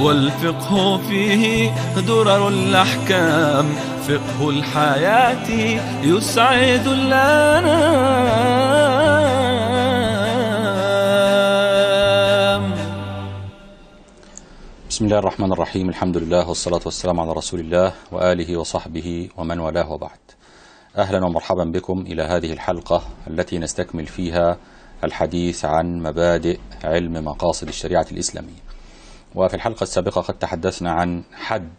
والفقه فيه درر الأحكام فقه الحياة يسعد الأنام بسم الله الرحمن الرحيم الحمد لله والصلاة والسلام على رسول الله وآله وصحبه ومن والاه وبعد أهلا ومرحبا بكم إلى هذه الحلقة التي نستكمل فيها الحديث عن مبادئ علم مقاصد الشريعة الإسلامية وفي الحلقة السابقة قد تحدثنا عن حد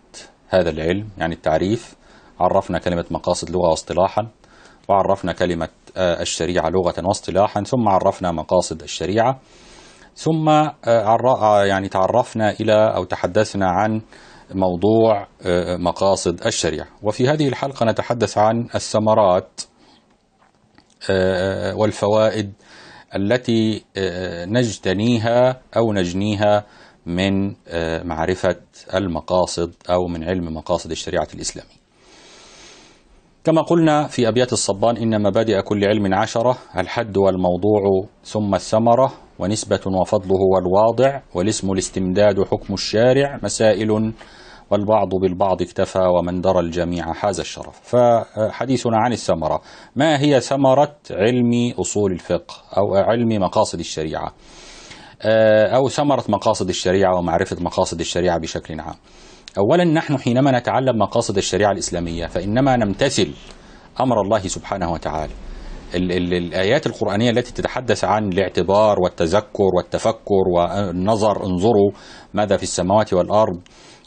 هذا العلم يعني التعريف عرفنا كلمة مقاصد لغة واصطلاحا وعرفنا كلمة آه، الشريعة لغة واصطلاحا ثم عرفنا مقاصد الشريعة ثم آه، آه، يعني تعرفنا إلى أو تحدثنا عن موضوع مقاصد الشريعة وفي هذه الحلقة نتحدث عن الثمرات والفوائد التي نجتنيها أو نجنيها من آه، معرفة المقاصد أو من علم مقاصد الشريعة الإسلامية كما قلنا في أبيات الصبان إن مبادئ كل علم عشرة الحد والموضوع ثم الثمرة ونسبة وفضله والواضع والاسم الاستمداد حكم الشارع مسائل والبعض بالبعض اكتفى ومن درى الجميع حاز الشرف فحديثنا عن الثمرة ما هي ثمرة علم أصول الفقه أو علم مقاصد الشريعة آه، أو ثمرة مقاصد الشريعة ومعرفة مقاصد الشريعة بشكل عام أولا نحن حينما نتعلم مقاصد الشريعة الإسلامية فإنما نمتثل أمر الله سبحانه وتعالى ال ال الآيات القرآنية التي تتحدث عن الاعتبار والتذكر والتفكر والنظر انظروا ماذا في السماوات والأرض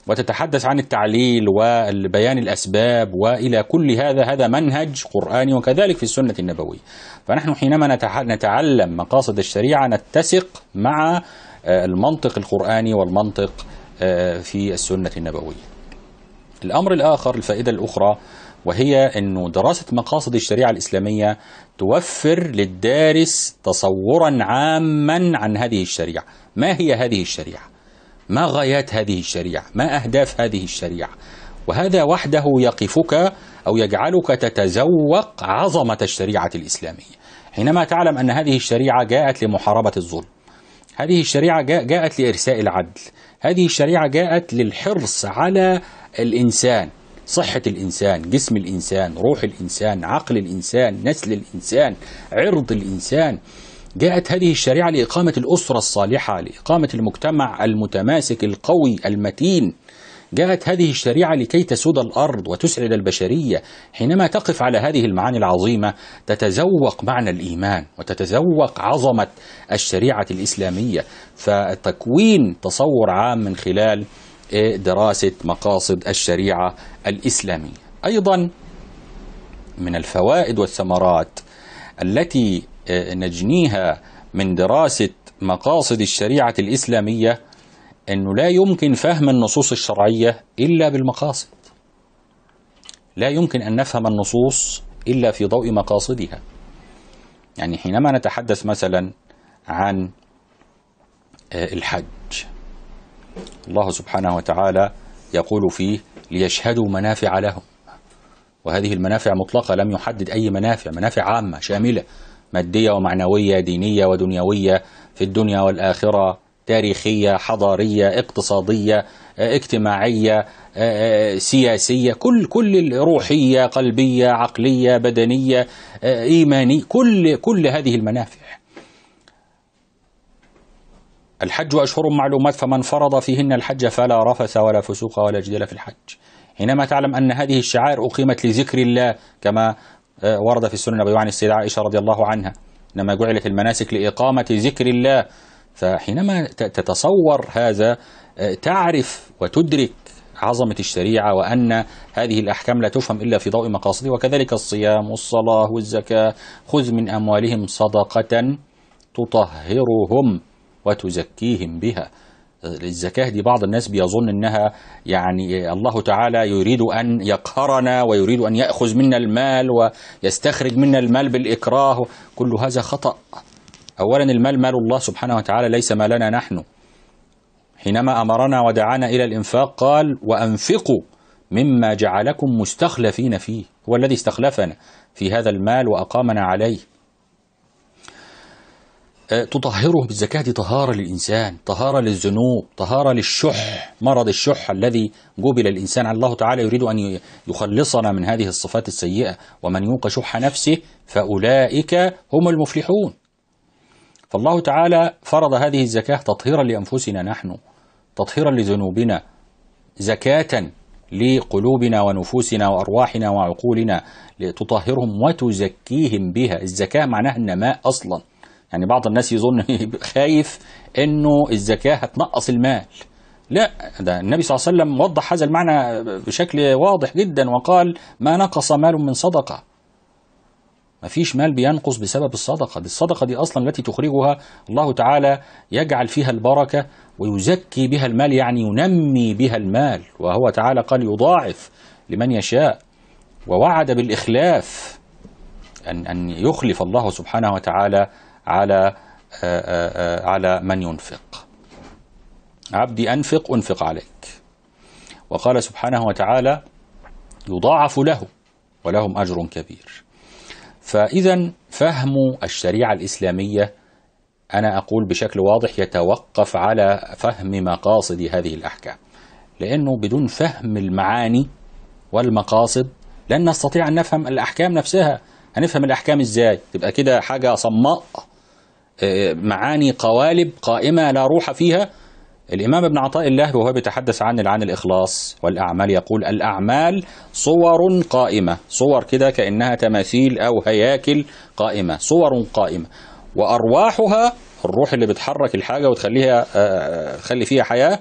وتتحدث عن التعليل وبيان الأسباب وإلى كل هذا هذا منهج قرآني وكذلك في السنة النبوية فنحن حينما نتعلم مقاصد الشريعة نتسق مع آه، المنطق القرآني والمنطق آه، في السنة النبوية الأمر الآخر الفائدة الأخرى وهي أن دراسة مقاصد الشريعة الإسلامية توفر للدارس تصورا عاما عن هذه الشريعة ما هي هذه الشريعة ما غايات هذه الشريعة ما أهداف هذه الشريعة وهذا وحده يقفك أو يجعلك تتذوق عظمة الشريعة الإسلامية حينما تعلم أن هذه الشريعة جاءت لمحاربة الظلم هذه الشريعة جاءت لإرساء العدل هذه الشريعة جاءت للحرص على الإنسان صحة الإنسان جسم الإنسان روح الإنسان عقل الإنسان نسل الإنسان عرض الإنسان جاءت هذه الشريعة لإقامة الأسرة الصالحة لإقامة المجتمع المتماسك القوي المتين جاءت هذه الشريعة لكي تسود الأرض وتسعد البشرية حينما تقف على هذه المعاني العظيمة تتذوق معنى الإيمان وتتذوق عظمة الشريعة الإسلامية فتكوين تصور عام من خلال إيه، دراسة مقاصد الشريعة الإسلامية أيضا من الفوائد والثمرات التي آه، نجنيها من دراسة مقاصد الشريعة الإسلامية أنه لا يمكن فهم النصوص الشرعية إلا بالمقاصد لا يمكن أن نفهم النصوص إلا في ضوء مقاصدها يعني حينما نتحدث مثلا عن آه، الحج الله سبحانه وتعالى يقول فيه ليشهدوا منافع لهم وهذه المنافع مطلقة لم يحدد أي منافع منافع عامة شاملة مادية ومعنوية دينية ودنيوية في الدنيا والآخرة تاريخية حضارية اقتصادية اجتماعية آه، آه، سياسية كل كل روحية قلبية عقلية بدنية آه، إيمانية كل كل هذه المنافع الحج أشهر معلومات فمن فرض فيهن الحج فلا رفث ولا فسوق ولا جدال في الحج حينما تعلم أن هذه الشعائر أقيمت لذكر الله كما آه، ورد في السنن النبوية عن السيدة عائشة رضي الله عنها إنما جعلت المناسك لإقامة ذكر الله فحينما تتصور هذا آه، تعرف وتدرك عظمة الشريعة وأن هذه الأحكام لا تفهم إلا في ضوء مقاصده وكذلك الصيام والصلاة والزكاة خذ من أموالهم صدقة تطهرهم وتزكيهم بها الزكاة دي بعض الناس بيظن انها يعني الله تعالى يريد ان يقهرنا ويريد ان ياخذ منا المال ويستخرج منا المال بالاكراه كل هذا خطأ اولا المال مال الله سبحانه وتعالى ليس مالنا نحن حينما امرنا ودعانا الى الانفاق قال وانفقوا مما جعلكم مستخلفين فيه هو الذي استخلفنا في هذا المال واقامنا عليه آه، تطهره بالزكاة طهارة للإنسان طهارة للذنوب طهارة للشح مرض الشح الذي جبل الإنسان الله تعالى يريد أن يخلصنا من هذه الصفات السيئة ومن يوق شح نفسه فأولئك هم المفلحون فالله تعالى فرض هذه الزكاة تطهيرا لأنفسنا نحن تطهيرا لذنوبنا زكاة لقلوبنا ونفوسنا وأرواحنا وعقولنا لتطهرهم وتزكيهم بها الزكاة معناها النماء أصلاً يعني بعض الناس يظن خايف انه الزكاه هتنقص المال لا ده النبي صلى الله عليه وسلم وضح هذا المعنى بشكل واضح جدا وقال ما نقص مال من صدقه مفيش مال بينقص بسبب الصدقة دي الصدقة دي أصلا التي تخرجها الله تعالى يجعل فيها البركة ويزكي بها المال يعني ينمي بها المال وهو تعالى قال يضاعف لمن يشاء ووعد بالإخلاف أن, أن يخلف الله سبحانه وتعالى على آه، آه، آه، على من ينفق عبدي أنفق أنفق عليك وقال سبحانه وتعالى يضاعف له ولهم أجر كبير فإذا فهم الشريعة الإسلامية أنا أقول بشكل واضح يتوقف على فهم مقاصد هذه الأحكام لأنه بدون فهم المعاني والمقاصد لن نستطيع أن نفهم الأحكام نفسها هنفهم الأحكام إزاي تبقى كده حاجة صماء معاني قوالب قائمة لا روح فيها الإمام ابن عطاء الله وهو بيتحدث عن عن الإخلاص والأعمال يقول الأعمال صور قائمة صور كده كأنها تماثيل أو هياكل قائمة صور قائمة وأرواحها الروح اللي بتحرك الحاجة وتخليها آه، تخلي فيها حياة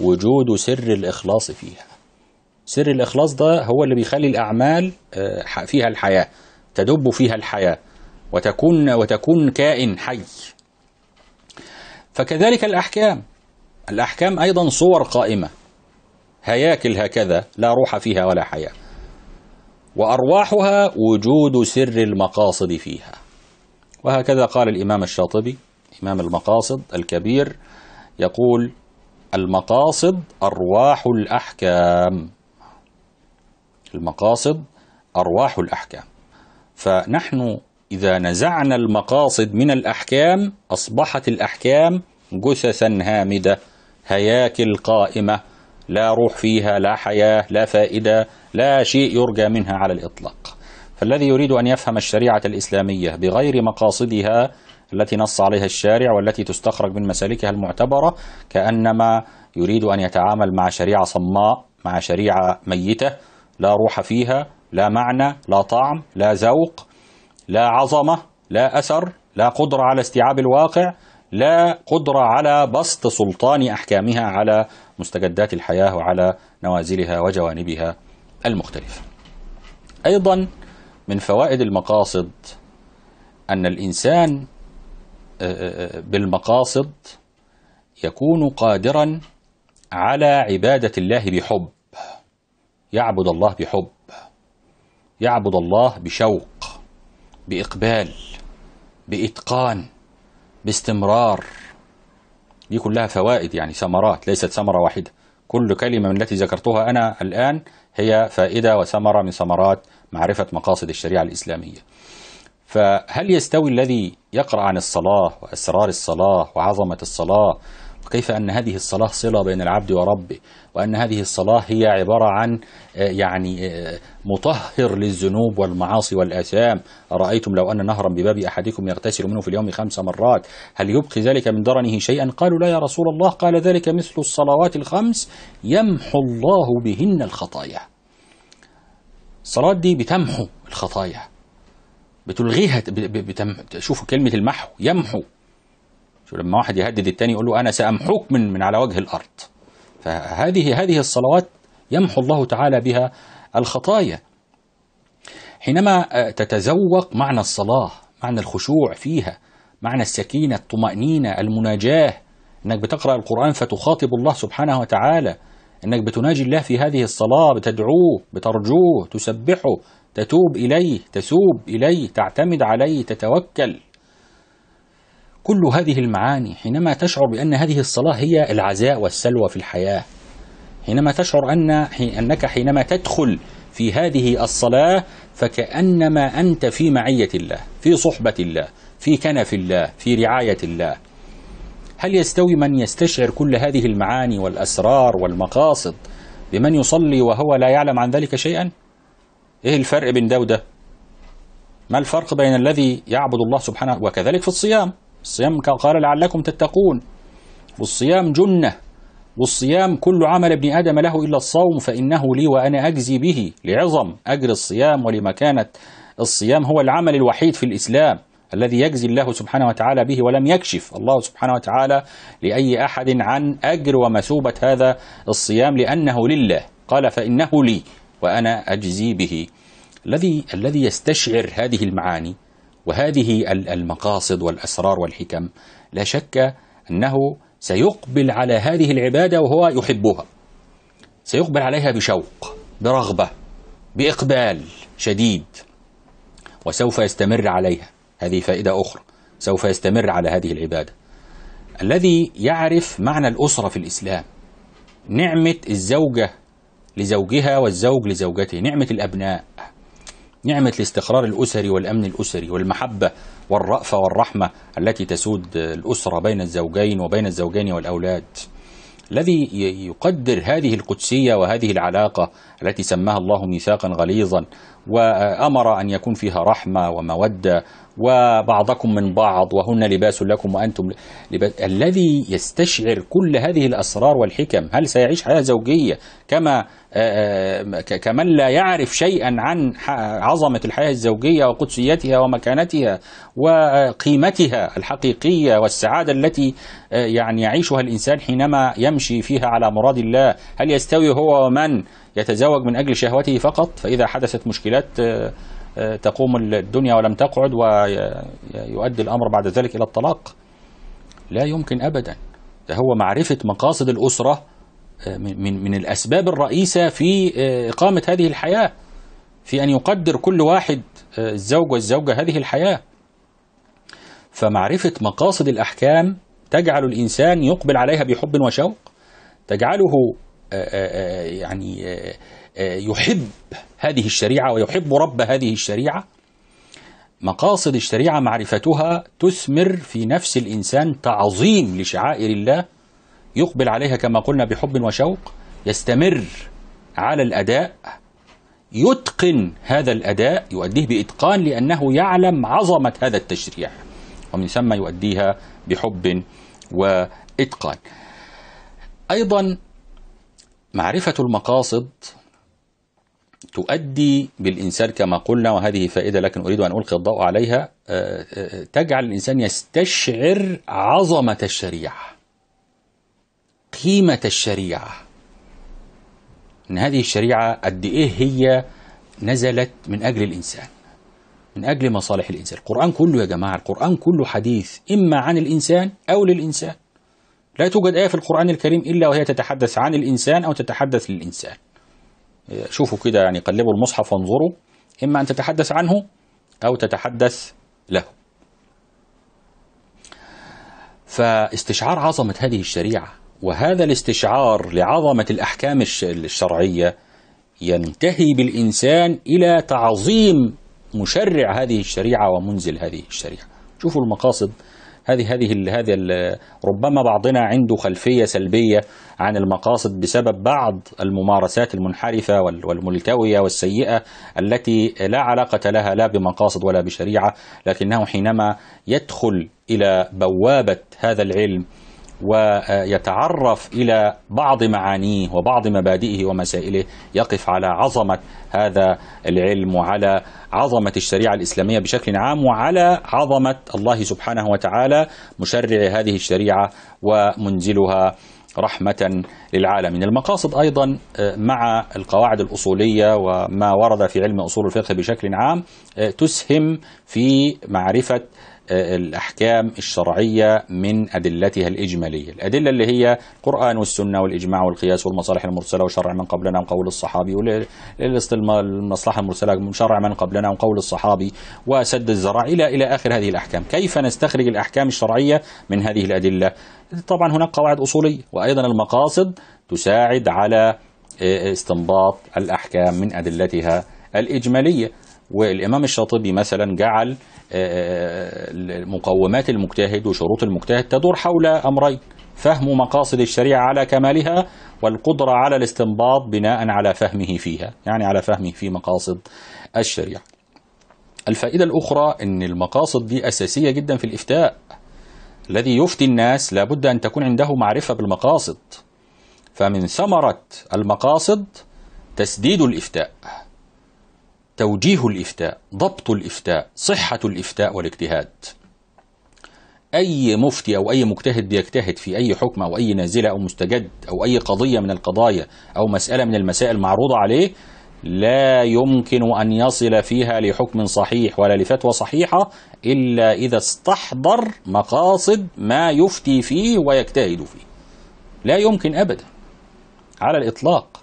وجود سر الإخلاص فيها سر الإخلاص ده هو اللي بيخلي الأعمال آه، فيها الحياة تدب فيها الحياه وتكون وتكون كائن حي فكذلك الأحكام الأحكام أيضا صور قائمة هياكل هكذا لا روح فيها ولا حياة وأرواحها وجود سر المقاصد فيها وهكذا قال الإمام الشاطبي إمام المقاصد الكبير يقول المقاصد أرواح الأحكام المقاصد أرواح الأحكام فنحن إذا نزعنا المقاصد من الأحكام أصبحت الأحكام جثثا هامدة هياكل قائمة لا روح فيها لا حياة لا فائدة لا شيء يرجى منها على الإطلاق فالذي يريد أن يفهم الشريعة الإسلامية بغير مقاصدها التي نص عليها الشارع والتي تستخرج من مسالكها المعتبرة كأنما يريد أن يتعامل مع شريعة صماء مع شريعة ميتة لا روح فيها لا معنى لا طعم لا ذوق لا عظمة لا أثر لا قدرة على استيعاب الواقع لا قدرة على بسط سلطان أحكامها على مستجدات الحياة وعلى نوازلها وجوانبها المختلفة أيضا من فوائد المقاصد أن الإنسان آه، آه، آه، بالمقاصد يكون قادرا على عبادة الله بحب يعبد الله بحب يعبد الله بشوق بإقبال بإتقان باستمرار دي كلها فوائد يعني ثمرات ليست ثمرة واحدة كل كلمة من التي ذكرتها أنا الآن هي فائدة وثمرة من ثمرات معرفة مقاصد الشريعة الإسلامية فهل يستوي الذي يقرأ عن الصلاة وأسرار الصلاة وعظمة الصلاة كيف أن هذه الصلاة صلة بين العبد وربه وأن هذه الصلاة هي عبارة عن آه، يعني آه، مطهر للذنوب والمعاصي والآثام أرأيتم لو أن نهرا بباب أحدكم يغتسل منه في اليوم خمس مرات هل يبقي ذلك من درنه شيئا قالوا لا يا رسول الله قال ذلك مثل الصلوات الخمس يمحو الله بهن الخطايا الصلاة دي بتمحو الخطايا بتلغيها بتم... شوفوا كلمة المحو يمحو شو لما واحد يهدد التاني يقول له انا سامحوك من من على وجه الارض فهذه هذه الصلوات يمحو الله تعالى بها الخطايا حينما آه، تتذوق معنى الصلاه معنى الخشوع فيها معنى السكينه الطمانينه المناجاه انك بتقرا القران فتخاطب الله سبحانه وتعالى انك بتناجي الله في هذه الصلاه بتدعوه بترجوه تسبحه تتوب اليه تسوب اليه تعتمد عليه تتوكل كل هذه المعاني حينما تشعر بأن هذه الصلاة هي العزاء والسلوى في الحياة حينما تشعر أن أنك حينما تدخل في هذه الصلاة فكأنما أنت في معية الله في صحبة الله في كنف الله في رعاية الله هل يستوي من يستشعر كل هذه المعاني والأسرار والمقاصد بمن يصلي وهو لا يعلم عن ذلك شيئا إيه الفرق بين ده وده ما الفرق بين الذي يعبد الله سبحانه وكذلك في الصيام الصيام قال لعلكم تتقون والصيام جنة والصيام كل عمل ابن آدم له إلا الصوم فإنه لي وأنا أجزي به لعظم أجر الصيام ولمكانة الصيام هو العمل الوحيد في الإسلام الذي يجزي الله سبحانه وتعالى به ولم يكشف الله سبحانه وتعالى لأي أحد عن أجر ومثوبة هذا الصيام لأنه لله قال فإنه لي وأنا أجزي به الذي الذي يستشعر هذه المعاني وهذه المقاصد والأسرار والحكم لا شك أنه سيقبل على هذه العبادة وهو يحبها سيقبل عليها بشوق برغبة بإقبال شديد وسوف يستمر عليها هذه فائدة أخرى سوف يستمر على هذه العبادة الذي يعرف معنى الأسرة في الإسلام نعمة الزوجة لزوجها والزوج لزوجته نعمة الأبناء نعمة الاستقرار الأسري والأمن الأسري والمحبة والرأفة والرحمة التي تسود الأسرة بين الزوجين وبين الزوجين والأولاد الذي يقدر هذه القدسية وهذه العلاقة التي سماها الله ميثاقا غليظا وأمر أن يكون فيها رحمة ومودة وبعضكم من بعض وهن لباس لكم وأنتم لباس الذي يستشعر كل هذه الأسرار والحكم هل سيعيش حياة زوجية كما آه، آه، كمن لا يعرف شيئا عن عظمة الحياة الزوجية وقدسيتها ومكانتها وقيمتها الحقيقية والسعادة التي آه، يعني يعيشها الإنسان حينما يمشي فيها على مراد الله هل يستوي هو ومن يتزوج من أجل شهوته فقط فإذا حدثت مشكلات تقوم الدنيا ولم تقعد ويؤدي الأمر بعد ذلك إلى الطلاق لا يمكن أبدا ده هو معرفة مقاصد الأسرة آه، من, من الأسباب الرئيسة في آه، إقامة هذه الحياة في أن يقدر كل واحد آه، الزوج والزوجة هذه الحياة فمعرفة مقاصد الأحكام تجعل الإنسان يقبل عليها بحب وشوق تجعله آه، آه، آه، يعني يحب هذه الشريعة ويحب رب هذه الشريعة مقاصد الشريعة معرفتها تثمر في نفس الإنسان تعظيم لشعائر الله يقبل عليها كما قلنا بحب وشوق يستمر على الأداء يتقن هذا الأداء يؤديه بإتقان لأنه يعلم عظمة هذا التشريع ومن ثم يؤديها بحب وإتقان أيضا معرفة المقاصد تؤدي بالإنسان كما قلنا وهذه فائدة لكن أريد أن ألقي الضوء عليها آه، آه، تجعل الإنسان يستشعر عظمة الشريعة قيمة الشريعة إن هذه الشريعة قد إيه هي نزلت من أجل الإنسان من أجل مصالح الإنسان القرآن كله يا جماعة القرآن كله حديث إما عن الإنسان أو للإنسان لا توجد آية في القرآن الكريم إلا وهي تتحدث عن الإنسان أو تتحدث للإنسان آه، شوفوا كده يعني قلبوا المصحف وانظروا إما أن تتحدث عنه أو تتحدث له فاستشعار عظمة هذه الشريعة وهذا الاستشعار لعظمة الأحكام الشرعية ينتهي بالإنسان إلى تعظيم مشرع هذه الشريعة ومنزل هذه الشريعة شوفوا المقاصد هذه هذه هذه ربما بعضنا عنده خلفيه سلبيه عن المقاصد بسبب بعض الممارسات المنحرفه والملتويه والسيئه التي لا علاقه لها لا بمقاصد ولا بشريعه لكنه حينما يدخل الى بوابه هذا العلم ويتعرف الى بعض معانيه وبعض مبادئه ومسائله يقف على عظمه هذا العلم وعلى عظمه الشريعه الاسلاميه بشكل عام وعلى عظمه الله سبحانه وتعالى مشرع هذه الشريعه ومنزلها رحمة للعالمين المقاصد أيضا آه، مع القواعد الأصولية وما ورد في علم أصول الفقه بشكل عام آه، تسهم في معرفة الأحكام الشرعية من أدلتها الإجمالية الأدلة اللي هي القرآن والسنة والإجماع والقياس والمصالح المرسلة وشرع من قبلنا وقول الصحابي والمصلحة المرسلة وشرع من قبلنا وقول الصحابي وسد الزرع إلى إلى آخر هذه الأحكام كيف نستخرج الأحكام الشرعية من هذه الأدلة طبعا هناك قواعد أصولية وأيضا المقاصد تساعد على آه، استنباط الأحكام من أدلتها الإجمالية والإمام الشاطبي مثلا جعل آه، آه، مقومات المجتهد وشروط المجتهد تدور حول أمرين فهم مقاصد الشريعة على كمالها والقدرة على الاستنباط بناء على فهمه فيها يعني على فهمه في مقاصد الشريعة الفائدة الأخرى أن المقاصد دي أساسية جدا في الإفتاء الذي يفتي الناس لابد أن تكون عنده معرفة بالمقاصد فمن ثمرة المقاصد تسديد الإفتاء توجيه الإفتاء ضبط الإفتاء صحة الإفتاء والاجتهاد أي مفتي أو أي مجتهد بيجتهد في أي حكم أو أي نازلة أو مستجد أو أي قضية من القضايا أو مسألة من المسائل معروضة عليه لا يمكن أن يصل فيها لحكم صحيح ولا لفتوى صحيحة إلا إذا استحضر مقاصد ما يفتي فيه ويجتهد فيه لا يمكن أبدا على الإطلاق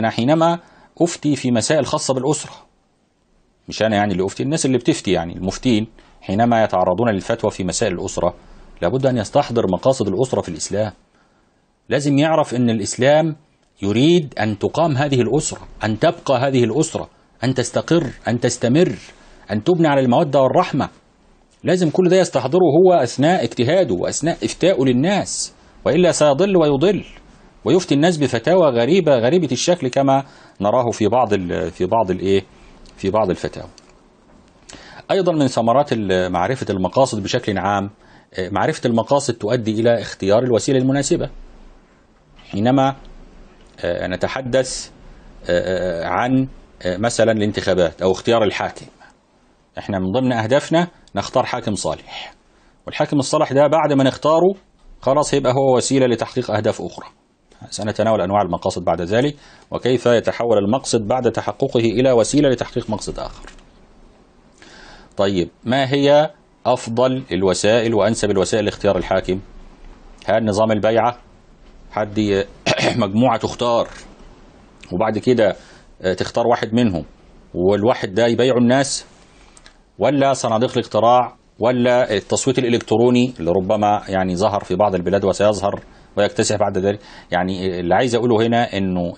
أنا حينما أفتي في مسائل خاصة بالأسرة مش انا يعني اللي افتي الناس اللي بتفتي يعني المفتين حينما يتعرضون للفتوى في مسائل الاسره لابد ان يستحضر مقاصد الاسره في الاسلام لازم يعرف ان الاسلام يريد ان تقام هذه الاسره ان تبقى هذه الاسره ان تستقر ان تستمر ان تبني على الموده والرحمه لازم كل ده يستحضره هو اثناء اجتهاده واثناء افتاءه للناس والا سيضل ويضل ويفتي الناس بفتاوى غريبه غريبه الشكل كما نراه في بعض في بعض الايه في بعض الفتاوى أيضا من ثمرات معرفة المقاصد بشكل عام آه، معرفة المقاصد تؤدي إلى اختيار الوسيلة المناسبة حينما آه، نتحدث آه، عن مثلا الانتخابات أو اختيار الحاكم احنا من ضمن أهدافنا نختار حاكم صالح والحاكم الصالح ده بعد ما نختاره خلاص هيبقى هو وسيلة لتحقيق أهداف أخرى سنتناول أنواع المقاصد بعد ذلك وكيف يتحول المقصد بعد تحققه إلى وسيلة لتحقيق مقصد آخر طيب ما هي أفضل الوسائل وأنسب الوسائل لاختيار الحاكم هل نظام البيعة حد مجموعة تختار وبعد كده آه، تختار واحد منهم والواحد ده يبيعوا الناس ولا صناديق الاقتراع ولا التصويت الالكتروني اللي ربما يعني ظهر في بعض البلاد وسيظهر ويكتسح بعد ذلك يعني اللي عايز اقوله هنا انه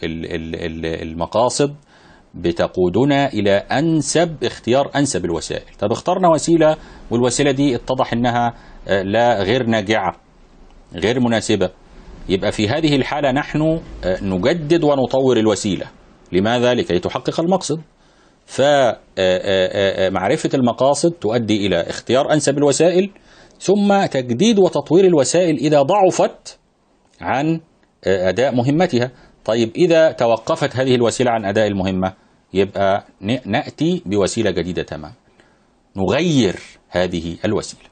المقاصد بتقودنا الى انسب اختيار انسب الوسائل طب اخترنا وسيله والوسيله دي اتضح انها آه، لا غير ناجعه غير مناسبه يبقى في هذه الحاله نحن آه، نجدد ونطور الوسيله لماذا لكي تحقق المقصد فمعرفه آه، المقاصد تؤدي الى اختيار انسب الوسائل ثم تجديد وتطوير الوسائل اذا ضعفت عن آه، أداء مهمتها طيب إذا توقفت هذه الوسيلة عن أداء المهمة يبقى نأتي بوسيلة جديدة تماما نغير هذه الوسيلة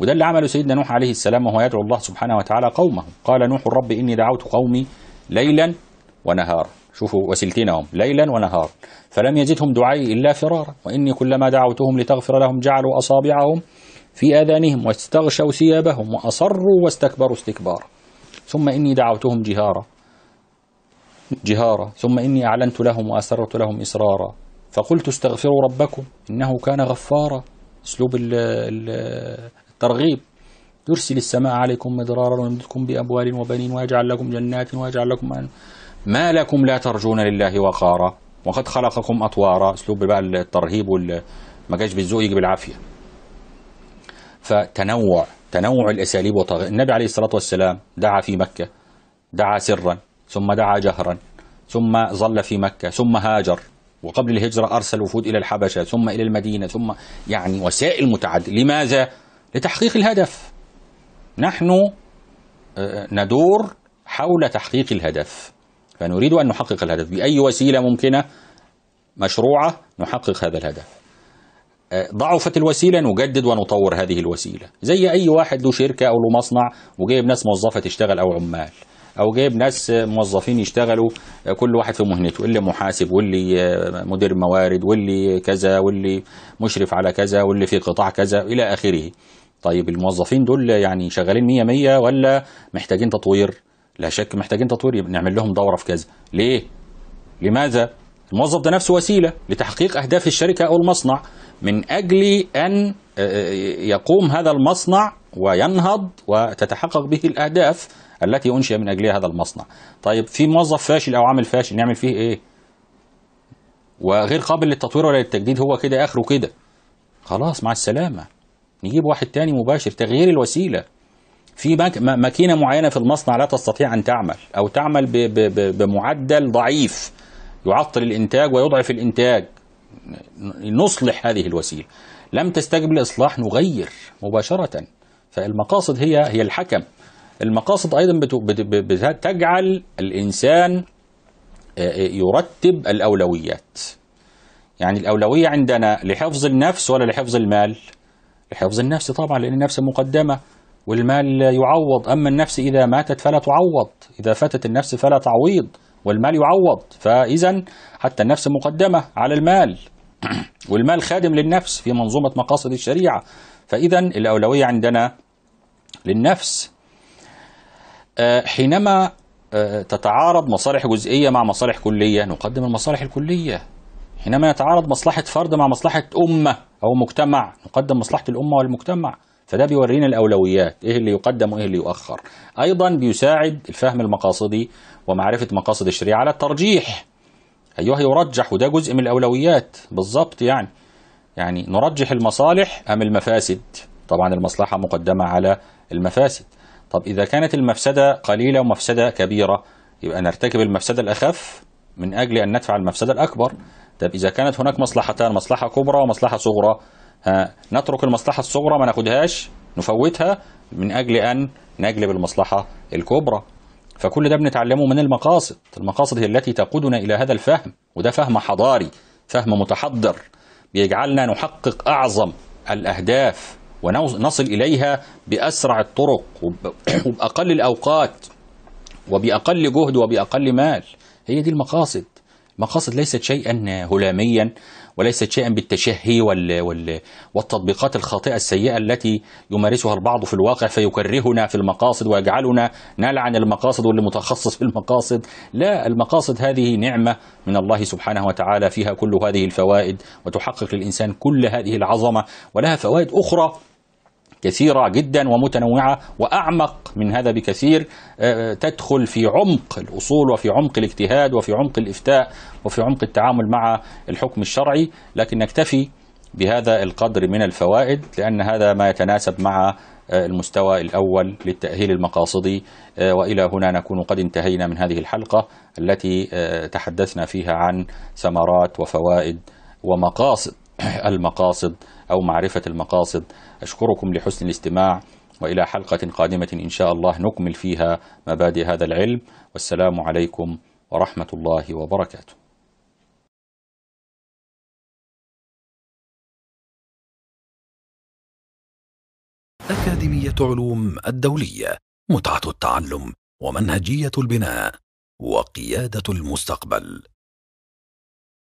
وده اللي عمله سيدنا نوح عليه السلام وهو يدعو الله سبحانه وتعالى قومه قال نوح رب إني دعوت قومي ليلا ونهارا شوفوا وسيلتين هم ليلا ونهارا فلم يزدهم دعائي إلا فرارا وإني كلما دعوتهم لتغفر لهم جعلوا أصابعهم في آذانهم واستغشوا ثيابهم وأصروا واستكبروا استكبارا ثم إني دعوتهم جهارا جهارا ثم إني أعلنت لهم وأسررت لهم إسرارا فقلت استغفروا ربكم إنه كان غفارا أسلوب الترغيب يرسل السماء عليكم مدرارا ويمددكم بأموال وبنين ويجعل لكم جنات ويجعل لكم أن... ما لكم لا ترجون لله وقارا وقد خلقكم أطوارا أسلوب بقى الترهيب ما جاش بالذوق يجي بالعافية فتنوع تنوع الأساليب وطغ... النبي عليه الصلاة والسلام دعا في مكة دعا سرا ثم دعا جهرا ثم ظل في مكة ثم هاجر وقبل الهجرة أرسل وفود إلى الحبشة ثم إلى المدينة ثم يعني وسائل متعددة لماذا؟ لتحقيق الهدف نحن آه، ندور حول تحقيق الهدف فنريد أن نحقق الهدف بأي وسيلة ممكنة مشروعة نحقق هذا الهدف ضعفت الوسيله نجدد ونطور هذه الوسيله زي اي واحد له شركه او له مصنع وجايب ناس موظفه تشتغل او عمال او جايب ناس موظفين يشتغلوا كل واحد في مهنته اللي محاسب واللي مدير موارد واللي كذا واللي مشرف على كذا واللي في قطاع كذا الى اخره طيب الموظفين دول يعني شغالين 100 100 ولا محتاجين تطوير لا شك محتاجين تطوير نعمل لهم دوره في كذا ليه لماذا الموظف ده نفسه وسيله لتحقيق اهداف الشركه او المصنع من اجل ان آه، آه، يقوم هذا المصنع وينهض وتتحقق به الاهداف التي انشئ من اجلها هذا المصنع. طيب في موظف فاشل او عامل فاشل نعمل فيه ايه؟ وغير قابل للتطوير ولا للتجديد هو كده اخره كده. خلاص مع السلامه. نجيب واحد تاني مباشر تغيير الوسيله. في ماكينه معينه في المصنع لا تستطيع ان تعمل او تعمل بمعدل ضعيف يعطل الإنتاج ويضعف الإنتاج نصلح هذه الوسيلة لم تستجب الاصلاح نغير مباشرة فالمقاصد هي هي الحكم المقاصد أيضا بتجعل الإنسان آه، آه، يرتب الأولويات يعني الأولوية عندنا لحفظ النفس ولا لحفظ المال لحفظ النفس طبعا لأن النفس مقدمة والمال يعوض أما النفس إذا ماتت فلا تعوض إذا فاتت النفس فلا تعويض والمال يعوض فإذا حتى النفس مقدمة على المال والمال خادم للنفس في منظومة مقاصد الشريعة فإذا الأولوية عندنا للنفس آه، حينما آه، تتعارض مصالح جزئية مع مصالح كلية نقدم المصالح الكلية حينما يتعارض مصلحة فرد مع مصلحة أمة أو مجتمع نقدم مصلحة الأمة والمجتمع فده بيورينا الأولويات إيه اللي يقدم وإيه اللي يؤخر أيضا بيساعد الفهم المقاصدي ومعرفة مقاصد الشريعة على الترجيح أيها يرجح وده جزء من الأولويات بالظبط يعني يعني نرجح المصالح أم المفاسد طبعا المصلحة مقدمة على المفاسد طب إذا كانت المفسدة قليلة ومفسدة كبيرة يبقى نرتكب المفسدة الأخف من أجل أن ندفع المفسدة الأكبر طب إذا كانت هناك مصلحتان مصلحة كبرى ومصلحة صغرى ها نترك المصلحة الصغرى ما ناخدهاش نفوتها من أجل أن نجلب المصلحة الكبرى فكل ده بنتعلمه من المقاصد المقاصد هي التي تقودنا إلى هذا الفهم وده فهم حضاري فهم متحضر بيجعلنا نحقق أعظم الأهداف ونصل إليها بأسرع الطرق وبأقل الأوقات وبأقل جهد وبأقل مال هي دي المقاصد المقاصد ليست شيئا هلاميا وليست شيئا بالتشهي وال والتطبيقات الخاطئة السيئة التي يمارسها البعض في الواقع فيكرهنا في المقاصد ويجعلنا نلعن المقاصد واللي متخصص في المقاصد لا المقاصد هذه نعمة من الله سبحانه وتعالى فيها كل هذه الفوائد وتحقق للإنسان كل هذه العظمة ولها فوائد أخرى كثيرة جدا ومتنوعة وأعمق من هذا بكثير آه، آه، تدخل في عمق الأصول وفي عمق الاجتهاد وفي عمق الإفتاء وفي عمق التعامل مع الحكم الشرعي لكن نكتفي بهذا القدر من الفوائد لأن هذا ما يتناسب مع آه، المستوى الأول للتأهيل المقاصدي وإلى هنا نكون قد انتهينا من هذه الحلقة التي تحدثنا فيها عن ثمرات وفوائد ومقاصد المقاصد أو معرفة المقاصد أشكركم لحسن الاستماع وإلى حلقة قادمة إن شاء الله نكمل فيها مبادئ هذا العلم والسلام عليكم ورحمة الله وبركاته أكاديمية علوم الدولية متعة التعلم ومنهجية البناء وقيادة المستقبل